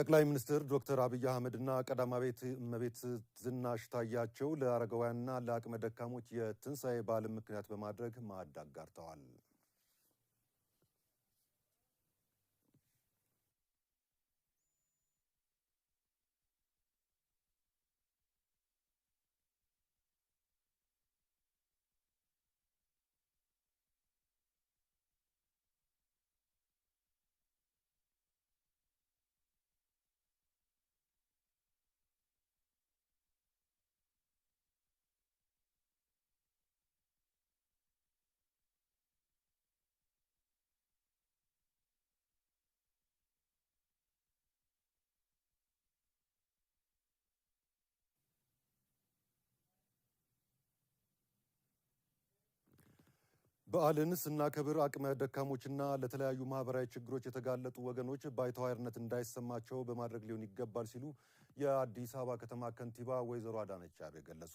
ጠቅላይ ሚኒስትር ዶክተር አብይ አህመድና ቀዳማዊት እመቤት ዝናሽ ታያቸው ለአረጋውያንና ለአቅመ ደካሞች የትንሣኤ በዓልን ምክንያት በማድረግ ማዕድ አጋርተዋል። በዓልን ስናከብር አቅመ ደካሞችና ለተለያዩ ማህበራዊ ችግሮች የተጋለጡ ወገኖች ባይተዋርነት እንዳይሰማቸው በማድረግ ሊሆን ይገባል ሲሉ የአዲስ አበባ ከተማ ከንቲባ ወይዘሮ አዳነች አቤ ገለጹ።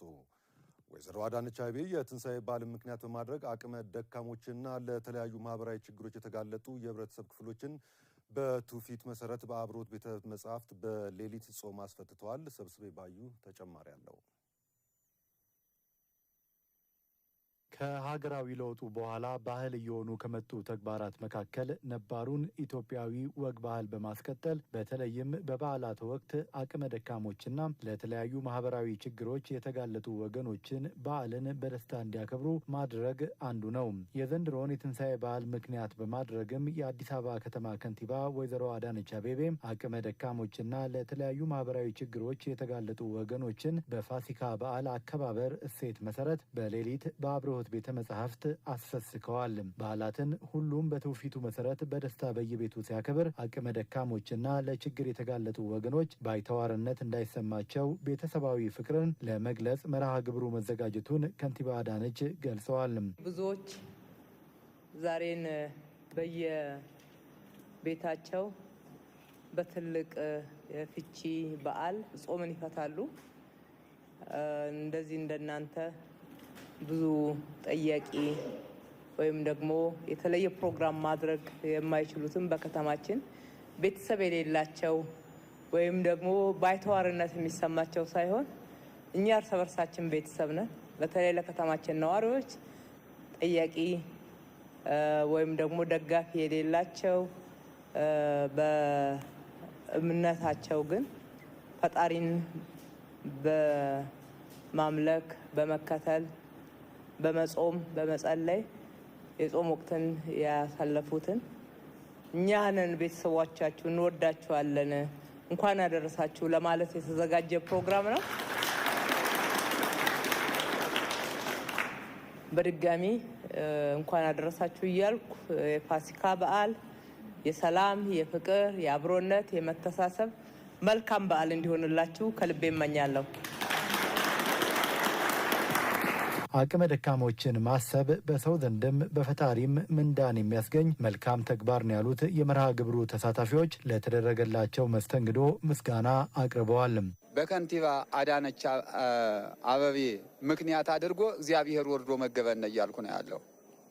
ወይዘሮ አዳነች አቤ የትንሣኤ በዓልን ምክንያት በማድረግ አቅመ ደካሞችና ለተለያዩ ማህበራዊ ችግሮች የተጋለጡ የህብረተሰብ ክፍሎችን በትውፊት መሰረት በአብሮት ቤተ መጻሕፍት በሌሊት ጾም አስፈትተዋል። ሰብስቤ ባዩ ተጨማሪ አለው። ከሀገራዊ ለውጡ በኋላ ባህል እየሆኑ ከመጡ ተግባራት መካከል ነባሩን ኢትዮጵያዊ ወግ ባህል በማስቀጠል በተለይም በበዓላት ወቅት አቅመ ደካሞችና ለተለያዩ ማህበራዊ ችግሮች የተጋለጡ ወገኖችን በዓልን በደስታ እንዲያከብሩ ማድረግ አንዱ ነው። የዘንድሮን የትንሣኤ በዓል ምክንያት በማድረግም የአዲስ አበባ ከተማ ከንቲባ ወይዘሮ አዳነች አቤቤ አቅመ ደካሞችና ለተለያዩ ማህበራዊ ችግሮች የተጋለጡ ወገኖችን በፋሲካ በዓል አከባበር እሴት መሰረት በሌሊት በአብርሆት ቤተ መጻሕፍት አስፈስከዋል። በዓላትን ሁሉም በትውፊቱ መሰረት በደስታ በየቤቱ ሲያከብር አቅመ ደካሞችና ለችግር የተጋለጡ ወገኖች ባይተዋርነት እንዳይሰማቸው ቤተሰባዊ ፍቅርን ለመግለጽ መርሃ ግብሩ መዘጋጀቱን ከንቲባ አዳነች ገልጸዋል። ብዙዎች ዛሬን በየቤታቸው በትልቅ የፍቺ በዓል ጾምን ይፈታሉ። እንደዚህ እንደናንተ ብዙ ጠያቂ ወይም ደግሞ የተለየ ፕሮግራም ማድረግ የማይችሉትም በከተማችን ቤተሰብ የሌላቸው ወይም ደግሞ ባይተዋርነት የሚሰማቸው ሳይሆን እኛ እርስ በርሳችን ቤተሰብ ነን። በተለይ ለከተማችን ነዋሪዎች ጠያቂ ወይም ደግሞ ደጋፊ የሌላቸው በእምነታቸው ግን ፈጣሪን በማምለክ በመከተል በመጾም በመጸለይ የጾም ወቅትን ያሳለፉትን እኛንን ቤተሰቦቻችሁ እንወዳችኋለን፣ እንኳን ያደረሳችሁ ለማለት የተዘጋጀ ፕሮግራም ነው። በድጋሚ እንኳን አደረሳችሁ እያልኩ የፋሲካ በዓል የሰላም፣ የፍቅር፣ የአብሮነት፣ የመተሳሰብ መልካም በዓል እንዲሆንላችሁ ከልቤ እመኛለሁ። አቅመ ደካሞችን ማሰብ በሰው ዘንድም በፈጣሪም ምንዳን የሚያስገኝ መልካም ተግባር ነው ያሉት የመርሃ ግብሩ ተሳታፊዎች ለተደረገላቸው መስተንግዶ ምስጋና አቅርበዋል። በከንቲባ አዳነች አበቤ ምክንያት አድርጎ እግዚአብሔር ወርዶ መገበነ እያልኩ ነው ያለው።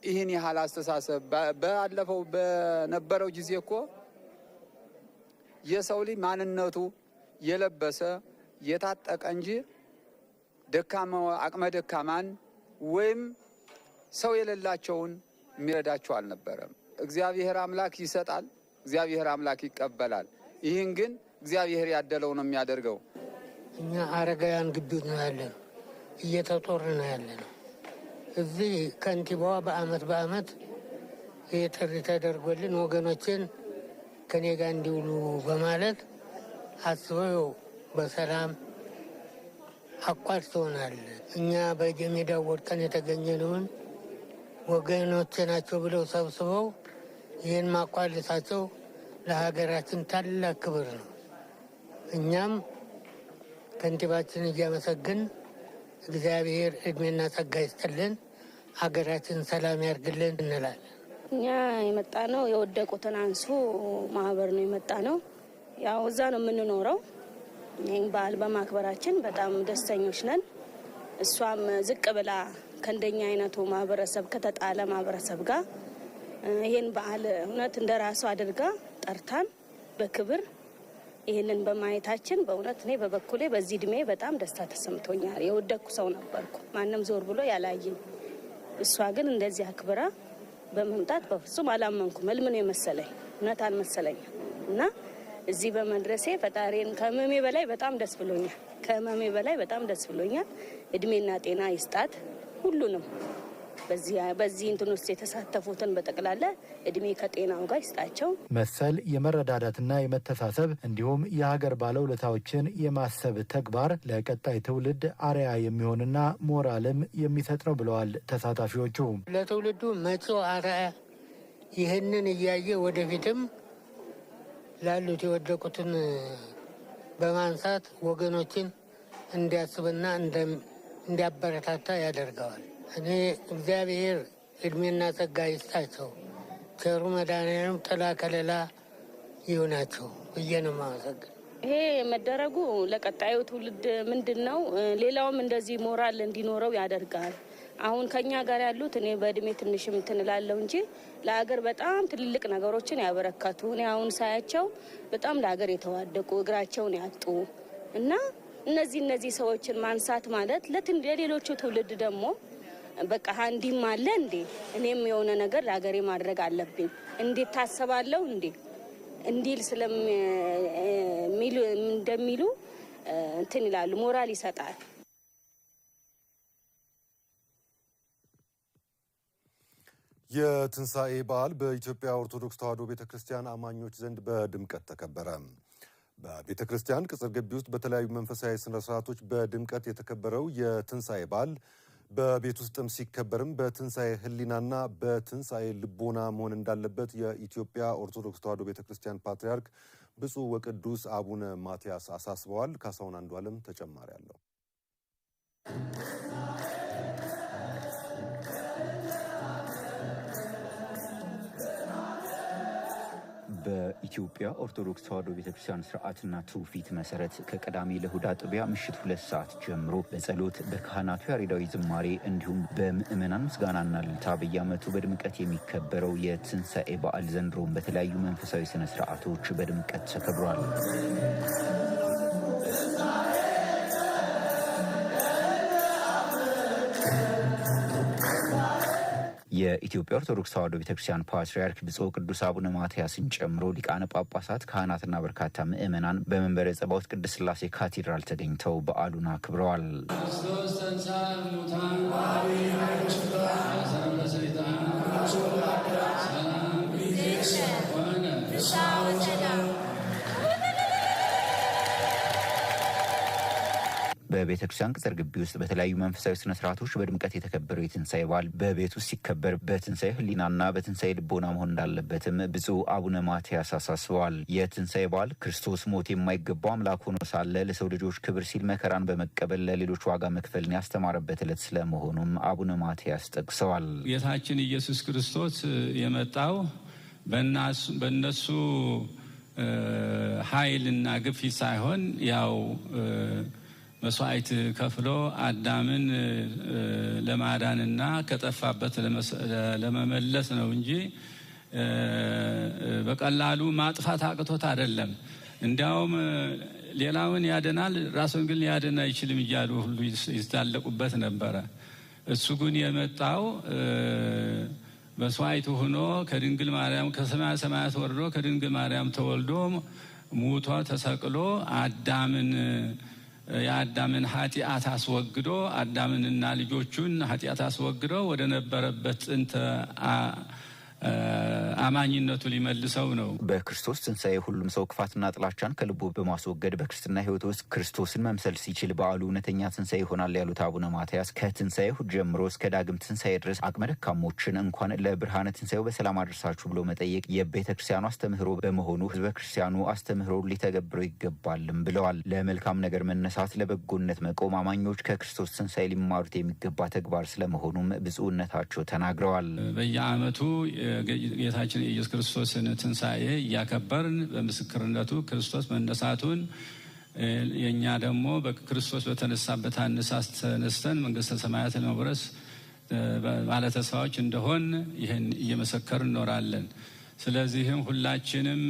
ይህን ያህል አስተሳሰብ ባለፈው በነበረው ጊዜ እኮ የሰው ልጅ ማንነቱ የለበሰ የታጠቀ እንጂ ደካማ አቅመ ደካማን ወይም ሰው የሌላቸውን የሚረዳቸው አልነበረም። እግዚአብሔር አምላክ ይሰጣል፣ እግዚአብሔር አምላክ ይቀበላል። ይህን ግን እግዚአብሔር ያደለው ነው የሚያደርገው። እኛ አረጋውያን ግቢ ነው ያለን፣ እየተጦር ነው ያለ ነው። እዚህ ከንቲባዋ በአመት በአመት ይህ ጥሪ ተደርጎልን ወገኖችን ከኔ ጋር እንዲውሉ በማለት አስበው በሰላም አቋርጦናል። እኛ በየሜዳ ወድቀን የተገኘነውን ወገኖቼ ናቸው ብለው ሰብስበው ይህን ማቋለሳቸው ለሀገራችን ታላቅ ክብር ነው። እኛም ከንቲባችን እያመሰግን እግዚአብሔር እድሜና ጸጋ ይስጥልን፣ ሀገራችን ሰላም ያርግልን እንላለን። እኛ የመጣ ነው የወደቁትን አንሱ ማህበር ነው የመጣ ነው። ያው እዛ ነው የምንኖረው ይህን በዓል በማክበራችን በጣም ደስተኞች ነን። እሷም ዝቅ ብላ ከእንደኛ አይነቱ ማህበረሰብ ከተጣለ ማህበረሰብ ጋር ይህን በዓል እውነት እንደ ራሱ አድርጋ ጠርታን በክብር ይህንን በማየታችን በእውነት እኔ በበኩሌ በዚህ እድሜ በጣም ደስታ ተሰምቶኛል። የወደኩ ሰው ነበርኩ፣ ማንም ዞር ብሎ ያላየኝ። እሷ ግን እንደዚህ አክብራ በመምጣት በፍጹም አላመንኩም። እልምን የመሰለኝ፣ እውነት አልመሰለኝም እና እዚህ በመድረሴ ፈጣሪን ከህመሜ በላይ በጣም ደስ ብሎኛል። ከህመሜ በላይ በጣም ደስ ብሎኛል። እድሜና ጤና ይስጣት ሁሉንም በዚህ እንትን ውስጥ የተሳተፉትን በጠቅላላ እድሜ ከጤናው ጋር ይስጣቸው። መሰል የመረዳዳትና የመተሳሰብ እንዲሁም የሀገር ባለውለታዎችን የማሰብ ተግባር ለቀጣይ ትውልድ አርያ የሚሆንና ሞራልም የሚሰጥ ነው ብለዋል ተሳታፊዎቹ። ለትውልዱ መጪው አርያ ይህንን እያየ ወደፊትም ላሉት የወደቁትን በማንሳት ወገኖችን እንዲያስብና እንዲያበረታታ ያደርገዋል። እኔ እግዚአብሔር እድሜና ጸጋ ይስጣቸው፣ ቸሩ መድኃኔዓለም ጥላ ከለላ ይሁናቸው ብዬ ነው ይሄ መደረጉ ለቀጣዩ ትውልድ ምንድን ነው ሌላውም እንደዚህ ሞራል እንዲኖረው ያደርጋል። አሁን ከኛ ጋር ያሉት እኔ በእድሜ ትንሽም ትንላለሁ እንጂ ለሀገር በጣም ትልልቅ ነገሮችን ያበረከቱ እኔ አሁን ሳያቸው በጣም ለሀገር የተዋደቁ እግራቸውን ያጡ እና እነዚህ እነዚህ ሰዎችን ማንሳት ማለት ለሌሎቹ ትውልድ ደግሞ በቃ አንዲም አለ እንዴ እኔም የሆነ ነገር ለሀገሬ ማድረግ አለብኝ እንዴት ታሰባለሁ እንዴ እንዲል ስለሚሉ እንደሚሉ እንትን ይላሉ ሞራል ይሰጣል። የትንሣኤ በዓል በኢትዮጵያ ኦርቶዶክስ ተዋሕዶ ቤተ ክርስቲያን አማኞች ዘንድ በድምቀት ተከበረ። በቤተ ክርስቲያን ቅጽር ግቢ ውስጥ በተለያዩ መንፈሳዊ ስነ ስርዓቶች በድምቀት የተከበረው የትንሣኤ በዓል በቤት ውስጥም ሲከበርም በትንሣኤ ሕሊናና በትንሣኤ ልቦና መሆን እንዳለበት የኢትዮጵያ ኦርቶዶክስ ተዋሕዶ ቤተ ክርስቲያን ፓትርያርክ ብፁዕ ወቅዱስ አቡነ ማትያስ አሳስበዋል። ካሳሁን አንዱ ዓለም ተጨማሪ አለው። በኢትዮጵያ ኦርቶዶክስ ተዋሕዶ ቤተክርስቲያን ስርዓትና ትውፊት መሰረት ከቀዳሜ ለእሑድ አጥቢያ ምሽት ሁለት ሰዓት ጀምሮ በጸሎት በካህናቱ ያሬዳዊ ዝማሬ እንዲሁም በምእመናን ምስጋናና ልታ በየዓመቱ በድምቀት የሚከበረው የትንሣኤ በዓል ዘንድሮም በተለያዩ መንፈሳዊ ስነ ስርዓቶች በድምቀት ተከብሯል። የኢትዮጵያ ኦርቶዶክስ ተዋሕዶ ቤተክርስቲያን ፓትርያርክ ብፁዕ ቅዱስ አቡነ ማትያስን ጨምሮ ሊቃነ ጳጳሳት፣ ካህናትና በርካታ ምዕመናን በመንበረ ጸባዖት ቅድስት ስላሴ ካቴድራል ተገኝተው በዓሉን አክብረዋል። ሰላም በቤተ ክርስቲያን ቅጽር ግቢ ውስጥ በተለያዩ መንፈሳዊ ስነ ስርዓቶች በድምቀት የተከበረው የትንሣኤ በዓል በቤት ውስጥ ሲከበር በትንሣኤ ህሊናና በትንሣኤ ልቦና መሆን እንዳለበትም ብፁዕ አቡነ ማትያስ አሳስበዋል። የትንሣኤ በዓል ክርስቶስ ሞት የማይገባው አምላክ ሆኖ ሳለ ለሰው ልጆች ክብር ሲል መከራን በመቀበል ለሌሎች ዋጋ መክፈልን ያስተማረበት ዕለት ስለመሆኑም አቡነ ማትያስ ጠቅሰዋል። ጌታችን ኢየሱስ ክርስቶስ የመጣው በእነሱ ኃይልና ግፊት ሳይሆን ያው መስዋዕት ከፍሎ አዳምን ለማዳንና ከጠፋበት ለመመለስ ነው እንጂ በቀላሉ ማጥፋት አቅቶት አይደለም። እንዲያውም ሌላውን ያድናል ራሱን ግን ሊያድን አይችልም እያሉ ሁሉ ይታለቁበት ነበረ። እሱ ግን የመጣው መስዋዕት ሆኖ ከድንግል ማርያም ከሰማያ ሰማያት ወርዶ ከድንግል ማርያም ተወልዶ ሙቶ ተሰቅሎ አዳምን የአዳምን ኃጢአት አስወግዶ አዳምንና ልጆቹን ኃጢአት አስወግዶ ወደ ነበረበት ጥንተ አማኝነቱ ሊመልሰው ነው። በክርስቶስ ትንሣኤ ሁሉም ሰው ክፋትና ጥላቻን ከልቡ በማስወገድ በክርስትና ሕይወት ውስጥ ክርስቶስን መምሰል ሲችል በዓሉ እውነተኛ ትንሣኤ ይሆናል ያሉት አቡነ ማትያስ ከትንሣኤው ጀምሮ እስከ ዳግም ትንሣኤ ድረስ አቅመ ደካሞችን እንኳን ለብርሃነ ትንሣኤው በሰላም አድርሳችሁ ብሎ መጠየቅ የቤተ ክርስቲያኑ አስተምህሮ በመሆኑ ህዝበ ክርስቲያኑ አስተምህሮ ሊተገብረው ይገባልም ብለዋል። ለመልካም ነገር መነሳት፣ ለበጎነት መቆም አማኞች ከክርስቶስ ትንሣኤ ሊማሩት የሚገባ ተግባር ስለመሆኑም ብፁዕነታቸው ተናግረዋል። በየዓመቱ የጌታችን የኢየሱስ ክርስቶስን ትንሣኤ እያከበርን በምስክርነቱ ክርስቶስ መነሳቱን የእኛ ደግሞ በክርስቶስ በተነሳበት አነሳስ ተነስተን መንግሥተ ሰማያት ለመብረስ ባለተስፋዎች እንደሆን ይህን እየመሰከር እኖራለን። ስለዚህም ሁላችንም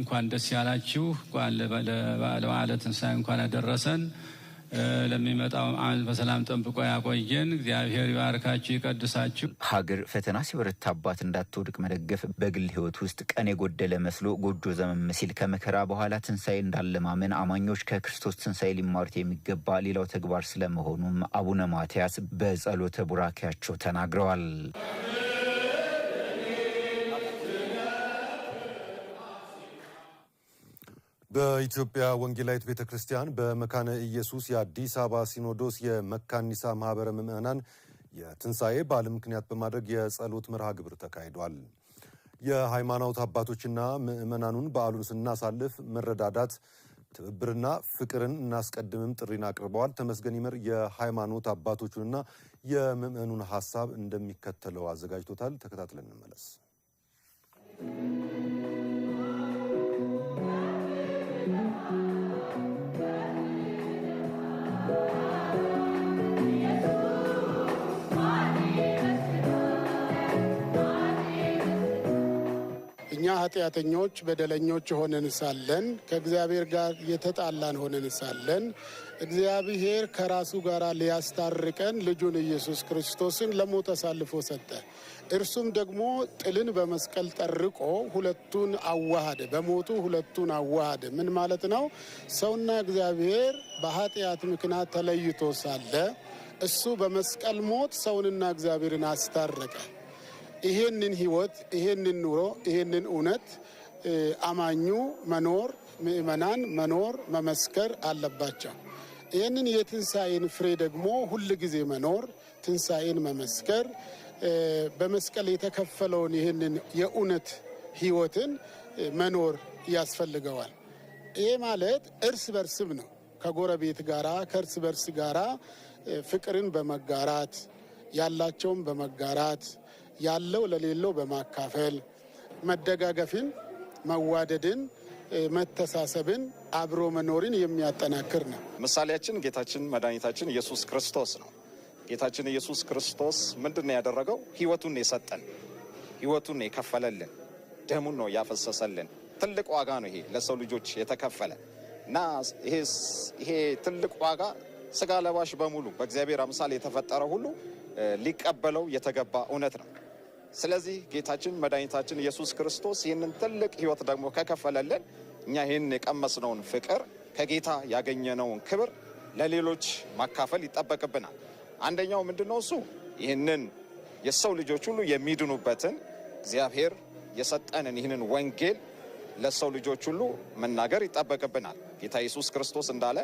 እንኳን ደስ ያላችሁ፣ እንኳን ለበዓለ ትንሣኤ እንኳን አደረሰን። ለሚመጣው ዓመት በሰላም ጠብቆ ያቆየን። እግዚአብሔር ይባርካችሁ ይቀድሳችሁ። ሀገር ፈተና ሲበረታባት እንዳትወድቅ መደገፍ በግል ሕይወት ውስጥ ቀን የጎደለ መስሎ ጎጆ ዘመም ሲል ከመከራ በኋላ ትንሣኤ እንዳለማመን አማኞች ከክርስቶስ ትንሣኤ ሊማሩት የሚገባ ሌላው ተግባር ስለመሆኑም አቡነ ማትያስ በጸሎተ ቡራኪያቸው ተናግረዋል። በኢትዮጵያ ወንጌላዊት ቤተ ክርስቲያን በመካነ ኢየሱስ የአዲስ አበባ ሲኖዶስ የመካኒሳ ማህበረ ምዕመናን የትንሣኤ በዓል ምክንያት በማድረግ የጸሎት መርሃ ግብር ተካሂዷል። የሃይማኖት አባቶችና ምዕመናኑን በዓሉን ስናሳልፍ መረዳዳት፣ ትብብርና ፍቅርን እናስቀድምም ጥሪን አቅርበዋል። ተመስገን ይመር የሃይማኖት አባቶቹንና የምዕመኑን ሀሳብ እንደሚከተለው አዘጋጅቶታል። ተከታትለን እንመለስ። ኃጢአተኞች በደለኞች ሆነን ሳለን ከእግዚአብሔር ጋር የተጣላን ሆነን ሳለን እግዚአብሔር ከራሱ ጋር ሊያስታርቀን ልጁን ኢየሱስ ክርስቶስን ለሞት አሳልፎ ሰጠ። እርሱም ደግሞ ጥልን በመስቀል ጠርቆ ሁለቱን አዋሃደ። በሞቱ ሁለቱን አዋሃደ። ምን ማለት ነው? ሰውና እግዚአብሔር በኃጢአት ምክንያት ተለይቶ ሳለ እሱ በመስቀል ሞት ሰውንና እግዚአብሔርን አስታረቀ። ይሄንን ህይወት ይሄንን ኑሮ ይሄንን እውነት አማኙ መኖር ምእመናን መኖር መመስከር አለባቸው። ይህንን የትንሣኤን ፍሬ ደግሞ ሁል ጊዜ መኖር ትንሣኤን መመስከር በመስቀል የተከፈለውን ይህንን የእውነት ህይወትን መኖር ያስፈልገዋል። ይህ ማለት እርስ በርስም ነው። ከጎረቤት ጋራ ከእርስ በርስ ጋራ ፍቅርን በመጋራት ያላቸውን በመጋራት ያለው ለሌለው በማካፈል መደጋገፍን፣ መዋደድን፣ መተሳሰብን፣ አብሮ መኖርን የሚያጠናክር ነው። ምሳሌያችን ጌታችን መድኃኒታችን ኢየሱስ ክርስቶስ ነው። ጌታችን ኢየሱስ ክርስቶስ ምንድን ነው ያደረገው? ህይወቱን የሰጠን፣ ህይወቱን የከፈለልን፣ ደሙን ነው ያፈሰሰልን። ትልቅ ዋጋ ነው ይሄ ለሰው ልጆች የተከፈለ እና ይሄ ትልቅ ዋጋ ስጋ ለባሽ በሙሉ በእግዚአብሔር አምሳል የተፈጠረ ሁሉ ሊቀበለው የተገባ እውነት ነው። ስለዚህ ጌታችን መድኃኒታችን ኢየሱስ ክርስቶስ ይህንን ትልቅ ህይወት ደግሞ ከከፈለልን እኛ ይህን የቀመስነውን ፍቅር ከጌታ ያገኘነውን ክብር ለሌሎች ማካፈል ይጠበቅብናል። አንደኛው ምንድነው እሱ ይህንን የሰው ልጆች ሁሉ የሚድኑበትን እግዚአብሔር የሰጠንን ይህንን ወንጌል ለሰው ልጆች ሁሉ መናገር ይጠበቅብናል። ጌታ ኢየሱስ ክርስቶስ እንዳለ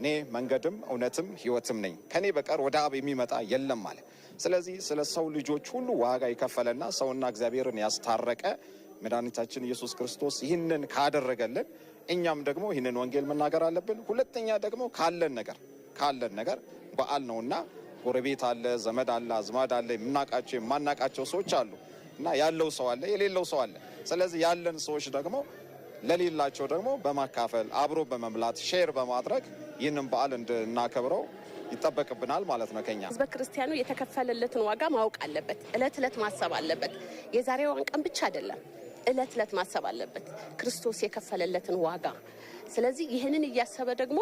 እኔ መንገድም እውነትም ህይወትም ነኝ ከእኔ በቀር ወደ አብ የሚመጣ የለም ማለት? ስለዚህ ስለ ሰው ልጆች ሁሉ ዋጋ የከፈለና ሰውና እግዚአብሔርን ያስታረቀ መድኃኒታችን ኢየሱስ ክርስቶስ ይህንን ካደረገልን እኛም ደግሞ ይህንን ወንጌል መናገር አለብን። ሁለተኛ ደግሞ ካለን ነገር ካለን ነገር በዓል ነውና ጎረቤት አለ፣ ዘመድ አለ፣ አዝማድ አለ፣ የምናቃቸው የማናቃቸው ሰዎች አሉ እና ያለው ሰው አለ፣ የሌለው ሰው አለ። ስለዚህ ያለን ሰዎች ደግሞ ለሌላቸው ደግሞ በማካፈል አብሮ በመብላት ሼር በማድረግ ይህንን በዓል እንድናከብረው ይጠበቅብናል ማለት ነው። ከኛ ህዝበ ክርስቲያኑ የተከፈለለትን ዋጋ ማወቅ አለበት። እለት እለት ማሰብ አለበት። የዛሬዋን ቀን ብቻ አይደለም፣ እለት እለት ማሰብ አለበት ክርስቶስ የከፈለለትን ዋጋ። ስለዚህ ይህንን እያሰበ ደግሞ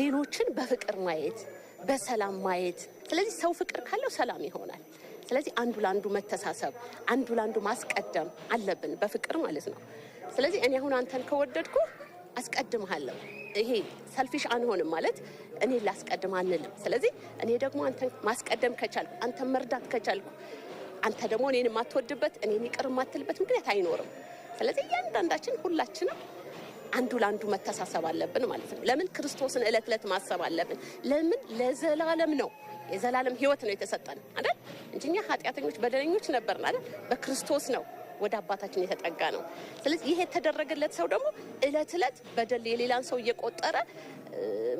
ሌሎችን በፍቅር ማየት፣ በሰላም ማየት። ስለዚህ ሰው ፍቅር ካለው ሰላም ይሆናል። ስለዚህ አንዱ ለአንዱ መተሳሰብ፣ አንዱ ለአንዱ ማስቀደም አለብን በፍቅር ማለት ነው። ስለዚህ እኔ አሁን አንተን ከወደድኩ አስቀድምሃለሁ ይሄ ሰልፊሽ አንሆንም ማለት እኔ ላስቀድም አንልም። ስለዚህ እኔ ደግሞ አንተ ማስቀደም ከቻልኩ፣ አንተ መርዳት ከቻልኩ፣ አንተ ደግሞ እኔን የማትወድበት እኔን ይቅር የማትልበት ምክንያት አይኖርም። ስለዚህ እያንዳንዳችን ሁላችንም አንዱ ለአንዱ መተሳሰብ አለብን ማለት ነው። ለምን ክርስቶስን እለት እለት ማሰብ አለብን? ለምን ለዘላለም ነው የዘላለም ህይወት ነው የተሰጠን አይደል እንጂ እኛ ኃጢአተኞች በደለኞች ነበርን አይደል? በክርስቶስ ነው ወደ አባታችን የተጠጋ ነው። ስለዚህ ይሄ የተደረገለት ሰው ደግሞ እለት እለት በደል የሌላን ሰው እየቆጠረ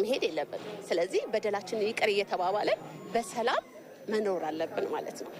መሄድ የለብንም። ስለዚህ በደላችን ይቅር እየተባባለ በሰላም መኖር አለብን ማለት ነው።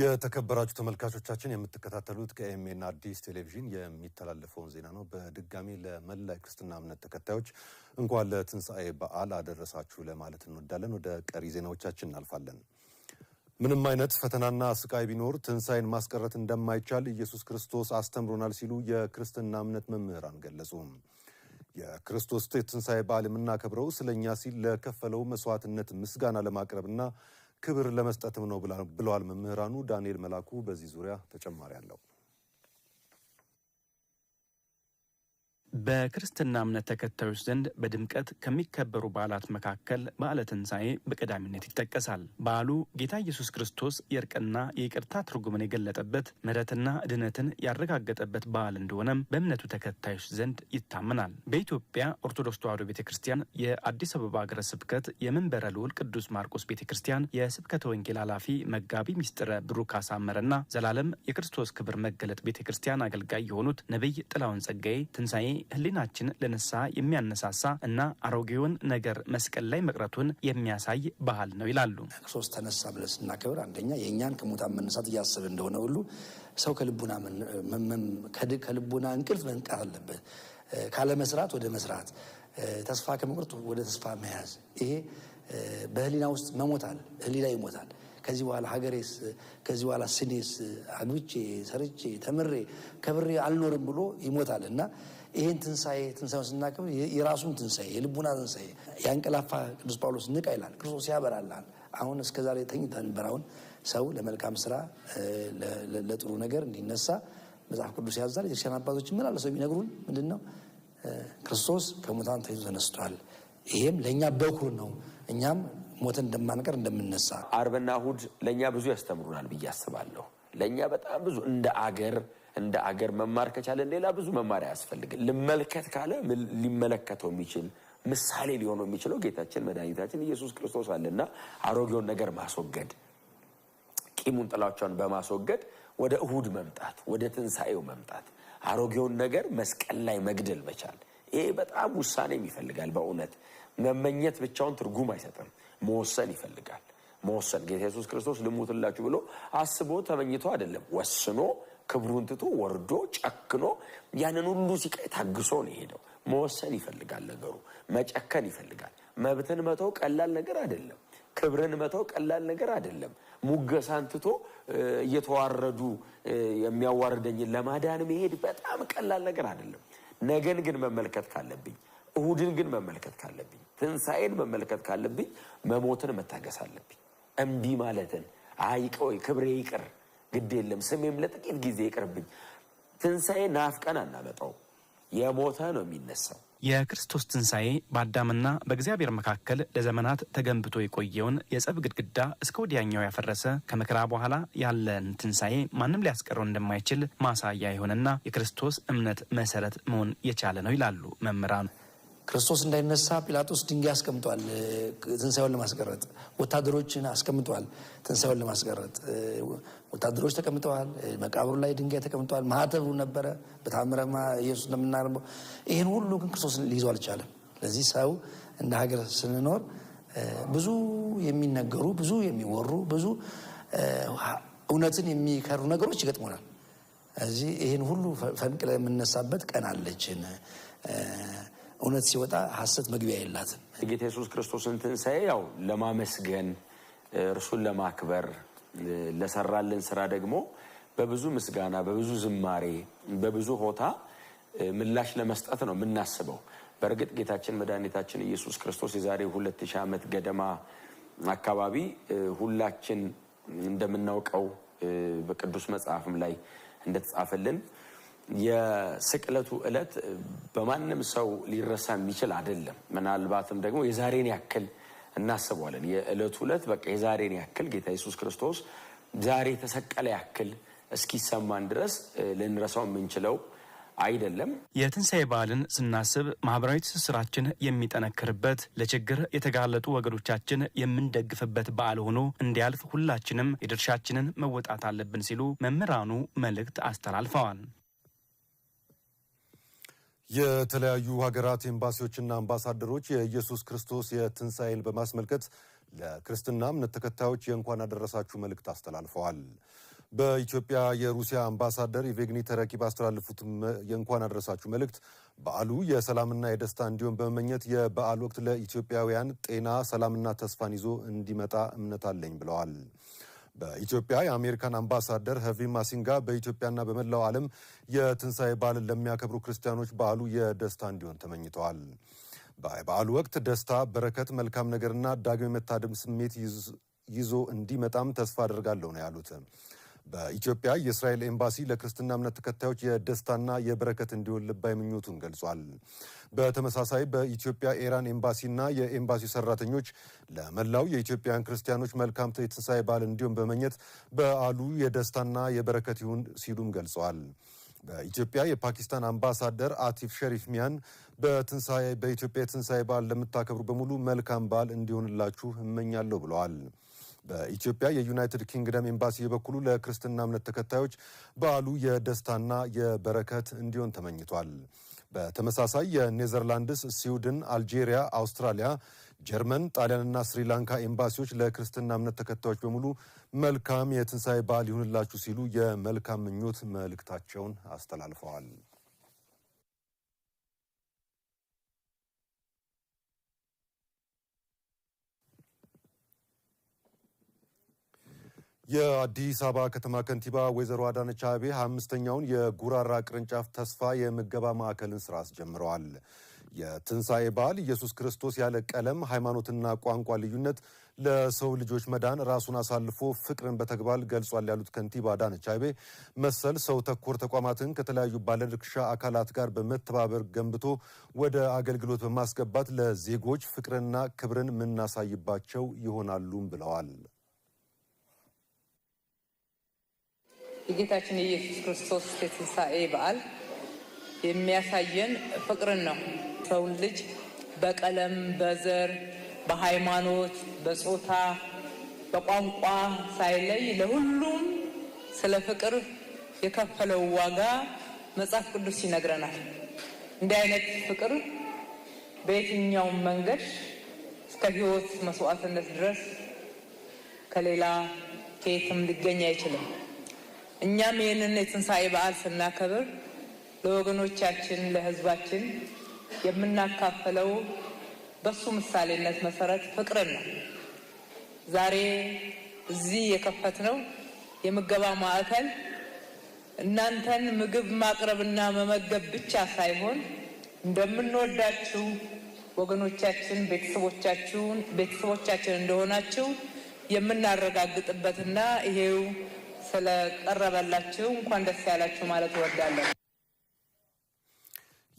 የተከበራችሁ ተመልካቾቻችን የምትከታተሉት ከኤምኤን አዲስ ቴሌቪዥን የሚተላለፈውን ዜና ነው። በድጋሚ ለመላ ክርስትና እምነት ተከታዮች እንኳን ለትንሣኤ በዓል አደረሳችሁ ለማለት እንወዳለን። ወደ ቀሪ ዜናዎቻችን እናልፋለን። ምንም አይነት ፈተናና ስቃይ ቢኖር ትንሣኤን ማስቀረት እንደማይቻል ኢየሱስ ክርስቶስ አስተምሮናል ሲሉ የክርስትና እምነት መምህራን ገለጹ። የክርስቶስ ትንሣኤ በዓል የምናከብረው ስለ እኛ ሲል ለከፈለው መስዋዕትነት ምስጋና ለማቅረብና ክብር ለመስጠትም ነው ብለዋል መምህራኑ። ዳንኤል መላኩ በዚህ ዙሪያ ተጨማሪ አለው። በክርስትና እምነት ተከታዮች ዘንድ በድምቀት ከሚከበሩ በዓላት መካከል በዓለ ትንሣኤ በቀዳሚነት ይጠቀሳል። በዓሉ ጌታ ኢየሱስ ክርስቶስ የእርቅና የይቅርታ ትርጉምን የገለጠበት ምሕረትና ድነትን ያረጋገጠበት በዓል እንደሆነም በእምነቱ ተከታዮች ዘንድ ይታመናል። በኢትዮጵያ ኦርቶዶክስ ተዋሕዶ ቤተ ክርስቲያን የአዲስ አበባ ሀገረ ስብከት የመንበረ ልዑል ቅዱስ ማርቆስ ቤተ ክርስቲያን የስብከተ ወንጌል ኃላፊ መጋቢ ሚስጥረ ብሩክ ካሳመረና ዘላለም የክርስቶስ ክብር መገለጥ ቤተ ክርስቲያን አገልጋይ የሆኑት ነቢይ ጥላውን ጸጋዬ ትንሣኤ ህሊናችን ለንስሐ የሚያነሳሳ እና አሮጌውን ነገር መስቀል ላይ መቅረቱን የሚያሳይ ባህል ነው ይላሉ። ክርስቶስ ተነሳ ብለን ስናከብር አንደኛ የእኛን ከሙታን መነሳት እያሰብ እንደሆነ ሁሉ ሰው ከልቡና ከልቡና እንቅልፍ መንቃት አለበት። ካለመስራት ወደ መስራት፣ ተስፋ ከመቁረጥ ወደ ተስፋ መያዝ፣ ይሄ በህሊና ውስጥ መሞታል። ህሊና ይሞታል። ከዚህ በኋላ ሀገሬስ፣ ከዚህ በኋላ ስኔስ፣ አግብቼ ሰርቼ ተምሬ ከብሬ አልኖርም ብሎ ይሞታል እና ይህን ትንሣኤ ትንሣኤ ስናከብር የራሱን ትንሣኤ የልቡና ትንሣኤ ያንቀላፋ ቅዱስ ጳውሎስ ንቃ ይላል። ክርስቶስ ያበራልሃል። አሁን እስከ ዛሬ ተኝተህ አሁን ሰው ለመልካም ስራ ለጥሩ ነገር እንዲነሳ መጽሐፍ ቅዱስ ያዛል። የክርስቲያን አባቶች ምን አለ ሰው የሚነግሩን ምንድን ነው? ክርስቶስ ከሙታን ተይዞ ተነስቷል። ይሄም ለእኛ በኩር ነው፣ እኛም ሞተን እንደማንቀር እንደምነሳ። አርብና እሁድ ለእኛ ብዙ ያስተምሩናል ብዬ አስባለሁ። ለእኛ በጣም ብዙ እንደ አገር እንደ አገር መማር ከቻለን ሌላ ብዙ መማር አያስፈልግም። ልመልከት ካለ ሊመለከተው የሚችል ምሳሌ ሊሆነው የሚችለው ጌታችን መድኃኒታችን ኢየሱስ ክርስቶስ አለና አሮጌውን ነገር ማስወገድ፣ ቂሙን ጥላቻውን በማስወገድ ወደ እሁድ መምጣት፣ ወደ ትንሣኤው መምጣት፣ አሮጌውን ነገር መስቀል ላይ መግደል መቻል። ይሄ በጣም ውሳኔም ይፈልጋል። በእውነት መመኘት ብቻውን ትርጉም አይሰጥም። መወሰን ይፈልጋል። መወሰን ጌታ ኢየሱስ ክርስቶስ ልሙትላችሁ ብሎ አስቦ ተመኝቶ አይደለም፣ ወስኖ ክብሩን ትቶ ወርዶ ጨክኖ ያንን ሁሉ ሲቃይ ታግሶ ነው የሄደው። መወሰን ይፈልጋል፣ ነገሩ መጨከን ይፈልጋል። መብትን መተው ቀላል ነገር አይደለም። ክብርን መተው ቀላል ነገር አይደለም። ሙገሳን ትቶ እየተዋረዱ የሚያዋርደኝን ለማዳን መሄድ በጣም ቀላል ነገር አይደለም። ነገን ግን መመልከት ካለብኝ፣ እሁድን ግን መመልከት ካለብኝ፣ ትንሣኤን መመልከት ካለብኝ፣ መሞትን መታገስ አለብኝ። እምቢ ማለትን ወይ ክብሬ ይቅር ግድ የለም ስሜም ለጥቂት ጊዜ ይቅርብኝ። ትንሣኤ ናፍቀን አናመጣው፣ የሞተ ነው የሚነሳው። የክርስቶስ ትንሣኤ በአዳምና በእግዚአብሔር መካከል ለዘመናት ተገንብቶ የቆየውን የጸብ ግድግዳ እስከ ወዲያኛው ያፈረሰ ከመከራ በኋላ ያለን ትንሣኤ ማንም ሊያስቀረው እንደማይችል ማሳያ የሆነና የክርስቶስ እምነት መሰረት መሆን የቻለ ነው ይላሉ መምህራን። ክርስቶስ እንዳይነሳ ጲላጦስ ድንጋይ አስቀምጧል። ትንሳኤውን ለማስቀረጥ ወታደሮችን አስቀምጧል። ትንሳኤውን ለማስቀረጥ ወታደሮች ተቀምጠዋል። መቃብሩ ላይ ድንጋይ ተቀምጠዋል። ማህተቡ ነበረ በታምረማ ኢየሱስ እንደምናርበው። ይህን ሁሉ ግን ክርስቶስ ሊይዘው አልቻለም። ለዚህ ሰው እንደ ሀገር ስንኖር ብዙ የሚነገሩ ብዙ የሚወሩ ብዙ እውነትን የሚከሩ ነገሮች ይገጥሙናል። እዚህ ይህን ሁሉ ፈንቅለ የምነሳበት ቀን አለችን። እውነት ሲወጣ ሐሰት መግቢያ የላትም። ጌታ የሱስ ክርስቶስን ትንሣኤ ያው ለማመስገን እርሱን ለማክበር ለሰራልን ስራ ደግሞ በብዙ ምስጋና፣ በብዙ ዝማሬ፣ በብዙ ሆታ ምላሽ ለመስጠት ነው የምናስበው። በእርግጥ ጌታችን መድኃኒታችን ኢየሱስ ክርስቶስ የዛሬ ሁለት ሺህ ዓመት ገደማ አካባቢ ሁላችን እንደምናውቀው በቅዱስ መጽሐፍም ላይ እንደተጻፈልን የስቅለቱ ዕለት በማንም ሰው ሊረሳ የሚችል አይደለም። ምናልባትም ደግሞ የዛሬን ያክል እናስበዋለን። የዕለቱ ዕለት በቃ የዛሬን ያክል ጌታ ኢየሱስ ክርስቶስ ዛሬ የተሰቀለ ያክል እስኪሰማን ድረስ ልንረሳው የምንችለው አይደለም። የትንሣኤ በዓልን ስናስብ ማህበራዊ ትስስራችን የሚጠነክርበት፣ ለችግር የተጋለጡ ወገኖቻችን የምንደግፍበት በዓል ሆኖ እንዲያልፍ ሁላችንም የድርሻችንን መወጣት አለብን ሲሉ መምህራኑ መልእክት አስተላልፈዋል። የተለያዩ ሀገራት ኤምባሲዎችና አምባሳደሮች የኢየሱስ ክርስቶስ የትንሣኤን በማስመልከት ለክርስትና እምነት ተከታዮች የእንኳን አደረሳችሁ መልእክት አስተላልፈዋል። በኢትዮጵያ የሩሲያ አምባሳደር ኢቬግኒ ተረኪ ባስተላለፉት የእንኳን አደረሳችሁ መልእክት በዓሉ የሰላምና የደስታ እንዲሆን በመመኘት የበዓል ወቅት ለኢትዮጵያውያን ጤና፣ ሰላምና ተስፋን ይዞ እንዲመጣ እምነት አለኝ ብለዋል። በኢትዮጵያ የአሜሪካን አምባሳደር ሀቪ ማሲንጋ በኢትዮጵያና በመላው ዓለም የትንሣኤ በዓልን ለሚያከብሩ ክርስቲያኖች በዓሉ የደስታ እንዲሆን ተመኝተዋል። በበዓሉ ወቅት ደስታ፣ በረከት፣ መልካም ነገርና ዳግም የመታደም ስሜት ይዞ እንዲመጣም ተስፋ አደርጋለሁ ነው ያሉት። በኢትዮጵያ የእስራኤል ኤምባሲ ለክርስትና እምነት ተከታዮች የደስታና የበረከት እንዲሆን ልባዊ ምኞቱን ገልጿል። በተመሳሳይ በኢትዮጵያ ኢራን ኤምባሲና የኤምባሲ ሰራተኞች ለመላው የኢትዮጵያውያን ክርስቲያኖች መልካም የትንሣኤ በዓል እንዲሆን በመኘት በዓሉ የደስታና የበረከት ይሁን ሲሉም ገልጸዋል። በኢትዮጵያ የፓኪስታን አምባሳደር አቲፍ ሸሪፍ ሚያን በትንሣኤ በኢትዮጵያ የትንሣኤ በዓል ለምታከብሩ በሙሉ መልካም በዓል እንዲሆንላችሁ እመኛለሁ ብለዋል። በኢትዮጵያ የዩናይትድ ኪንግደም ኤምባሲ የበኩሉ ለክርስትና እምነት ተከታዮች በዓሉ የደስታና የበረከት እንዲሆን ተመኝቷል። በተመሳሳይ የኔዘርላንድስ፣ ስዊድን፣ አልጄሪያ፣ አውስትራሊያ፣ ጀርመን፣ ጣሊያንና ስሪላንካ ኤምባሲዎች ለክርስትና እምነት ተከታዮች በሙሉ መልካም የትንሣኤ በዓል ይሁንላችሁ ሲሉ የመልካም ምኞት መልእክታቸውን አስተላልፈዋል። የአዲስ አበባ ከተማ ከንቲባ ወይዘሮ አዳነች አቤቤ አምስተኛውን የጉራራ ቅርንጫፍ ተስፋ የምገባ ማዕከልን ስራ አስጀምረዋል። የትንሣኤ በዓል ኢየሱስ ክርስቶስ ያለ ቀለም ሃይማኖትና ቋንቋ ልዩነት ለሰው ልጆች መዳን ራሱን አሳልፎ ፍቅርን በተግባር ገልጿል ያሉት ከንቲባ አዳነች አቤቤ መሰል ሰው ተኮር ተቋማትን ከተለያዩ ባለድርሻ አካላት ጋር በመተባበር ገንብቶ ወደ አገልግሎት በማስገባት ለዜጎች ፍቅርና ክብርን የምናሳይባቸው ይሆናሉም ብለዋል። የጌታችን የኢየሱስ ክርስቶስ የትንሣኤ በዓል የሚያሳየን ፍቅርን ነው። ሰውን ልጅ በቀለም፣ በዘር፣ በሃይማኖት፣ በጾታ፣ በቋንቋ ሳይለይ ለሁሉም ስለ ፍቅር የከፈለው ዋጋ መጽሐፍ ቅዱስ ይነግረናል። እንዲህ አይነት ፍቅር በየትኛውም መንገድ እስከ ሕይወት መስዋዕትነት ድረስ ከሌላ ከየትም ሊገኝ አይችልም። እኛም ይህንን የትንሣኤ በዓል ስናከብር ለወገኖቻችን ለሕዝባችን የምናካፈለው በሱ ምሳሌነት መሰረት ፍቅርን ነው። ዛሬ እዚህ የከፈትነው የምገባ ማዕከል እናንተን ምግብ ማቅረብና መመገብ ብቻ ሳይሆን እንደምንወዳችሁ ወገኖቻችን፣ ቤተሰቦቻችሁን ቤተሰቦቻችን እንደሆናችሁ የምናረጋግጥበትና ይሄው ስለቀረበላችሁ እንኳን ደስ ያላችሁ ማለት እወዳለሁ።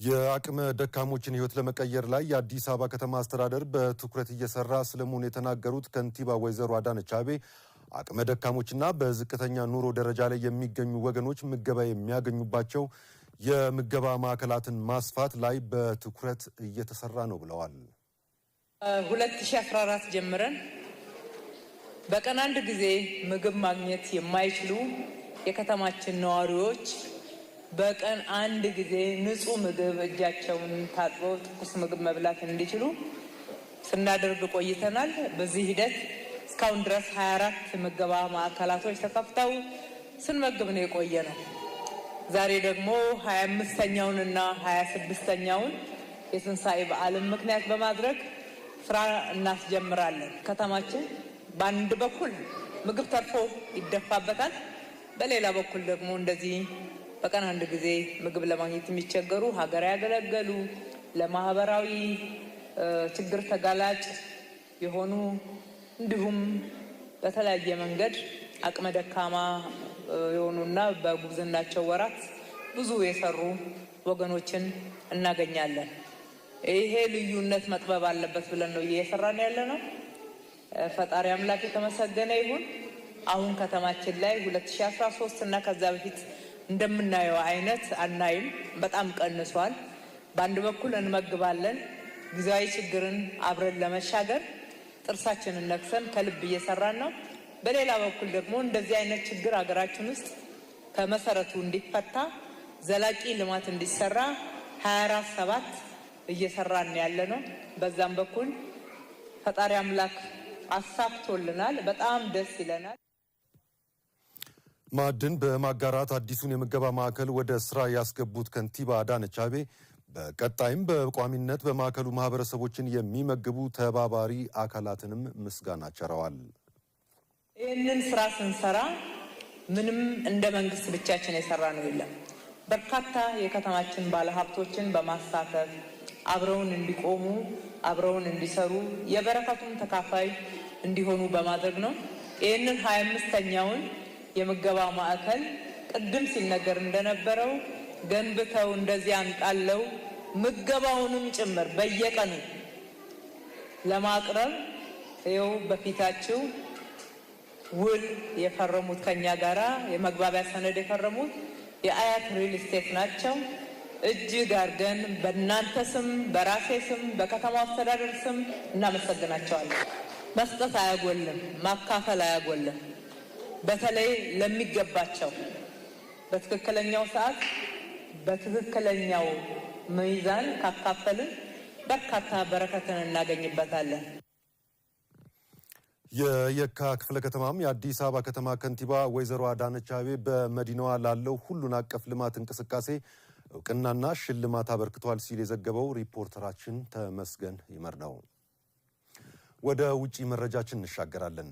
የአቅመ ደካሞችን ሕይወት ለመቀየር ላይ የአዲስ አበባ ከተማ አስተዳደር በትኩረት እየሰራ ስለመሆኑ የተናገሩት ከንቲባ ወይዘሮ አዳነች አቤ አቅመ ደካሞችና በዝቅተኛ ኑሮ ደረጃ ላይ የሚገኙ ወገኖች ምገባ የሚያገኙባቸው የምገባ ማዕከላትን ማስፋት ላይ በትኩረት እየተሰራ ነው ብለዋል። 2014 ጀምረን በቀን አንድ ጊዜ ምግብ ማግኘት የማይችሉ የከተማችን ነዋሪዎች በቀን አንድ ጊዜ ንጹህ ምግብ እጃቸውን ታጥበው ትኩስ ምግብ መብላት እንዲችሉ ስናደርግ ቆይተናል። በዚህ ሂደት እስካሁን ድረስ 24 ምገባ ማዕከላቶች ተከፍተው ስንመግብ ነው የቆየ ነው። ዛሬ ደግሞ 25ኛውን እና 26ኛውን የትንሣኤ በዓልን ምክንያት በማድረግ ስራ እናስጀምራለን ከተማችን በአንድ በኩል ምግብ ተርፎ ይደፋበታል፣ በሌላ በኩል ደግሞ እንደዚህ በቀን አንድ ጊዜ ምግብ ለማግኘት የሚቸገሩ ሀገር ያገለገሉ ለማህበራዊ ችግር ተጋላጭ የሆኑ እንዲሁም በተለያየ መንገድ አቅመ ደካማ የሆኑና በጉብዝናቸው ወራት ብዙ የሰሩ ወገኖችን እናገኛለን። ይሄ ልዩነት መጥበብ አለበት ብለን ነው እየሰራን ያለ ነው። ፈጣሪ አምላክ የተመሰገነ ይሁን። አሁን ከተማችን ላይ 2013 እና ከዛ በፊት እንደምናየው አይነት አናይም። በጣም ቀንሷል። በአንድ በኩል እንመግባለን፣ ጊዜያዊ ችግርን አብረን ለመሻገር ጥርሳችንን ነክሰን ከልብ እየሰራን ነው። በሌላ በኩል ደግሞ እንደዚህ አይነት ችግር ሀገራችን ውስጥ ከመሰረቱ እንዲፈታ ዘላቂ ልማት እንዲሰራ 24 ሰባት እየሰራን ያለ ነው። በዛም በኩል ፈጣሪ አምላክ አሳክቶልናል። በጣም ደስ ይለናል። ማዕድን በማጋራት አዲሱን የምገባ ማዕከል ወደ ስራ ያስገቡት ከንቲባ አዳነች አቤቤ በቀጣይም በቋሚነት በማዕከሉ ማህበረሰቦችን የሚመግቡ ተባባሪ አካላትንም ምስጋና ቸረዋል። ይህንን ስራ ስንሰራ ምንም እንደ መንግስት ብቻችን የሰራ ነው የለም። በርካታ የከተማችን ባለሀብቶችን በማሳተፍ አብረውን እንዲቆሙ አብረውን እንዲሰሩ የበረከቱን ተካፋይ እንዲሆኑ በማድረግ ነው። ይህንን ሀያ አምስተኛውን የምገባ ማዕከል ቅድም ሲነገር እንደነበረው ገንብተው እንደዚህ አንጣለው ምገባውንም ጭምር በየቀኑ ለማቅረብ ይኸው በፊታችሁ ውል የፈረሙት ከኛ ጋራ የመግባቢያ ሰነድ የፈረሙት የአያት ሪል ስቴት ናቸው። እጅግ አርገን በእናንተ ስም በራሴ ስም በከተማው አስተዳደር ስም እናመሰግናቸዋለን። መስጠት አያጎልም፣ ማካፈል አያጎልም። በተለይ ለሚገባቸው በትክክለኛው ሰዓት በትክክለኛው ሚዛን ካካፈልን በርካታ በረከትን እናገኝበታለን። የየካ ክፍለ ከተማም የአዲስ አበባ ከተማ ከንቲባ ወይዘሮ አዳነች አቤቤ በመዲናዋ ላለው ሁሉን አቀፍ ልማት እንቅስቃሴ እውቅናና ሽልማት አበርክቷል ሲል የዘገበው ሪፖርተራችን ተመስገን ይመር ነው። ወደ ውጪ መረጃችን እንሻገራለን።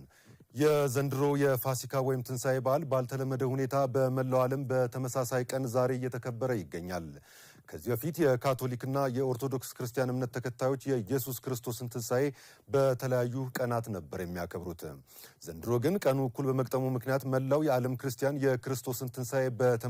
የዘንድሮ የፋሲካ ወይም ትንሣኤ በዓል ባልተለመደ ሁኔታ በመላው ዓለም በተመሳሳይ ቀን ዛሬ እየተከበረ ይገኛል። ከዚህ በፊት የካቶሊክና የኦርቶዶክስ ክርስቲያን እምነት ተከታዮች የኢየሱስ ክርስቶስን ትንሣኤ በተለያዩ ቀናት ነበር የሚያከብሩት። ዘንድሮ ግን ቀኑ እኩል በመግጠሙ ምክንያት መላው የዓለም ክርስቲያን የክርስቶስን ትንሣኤ በተ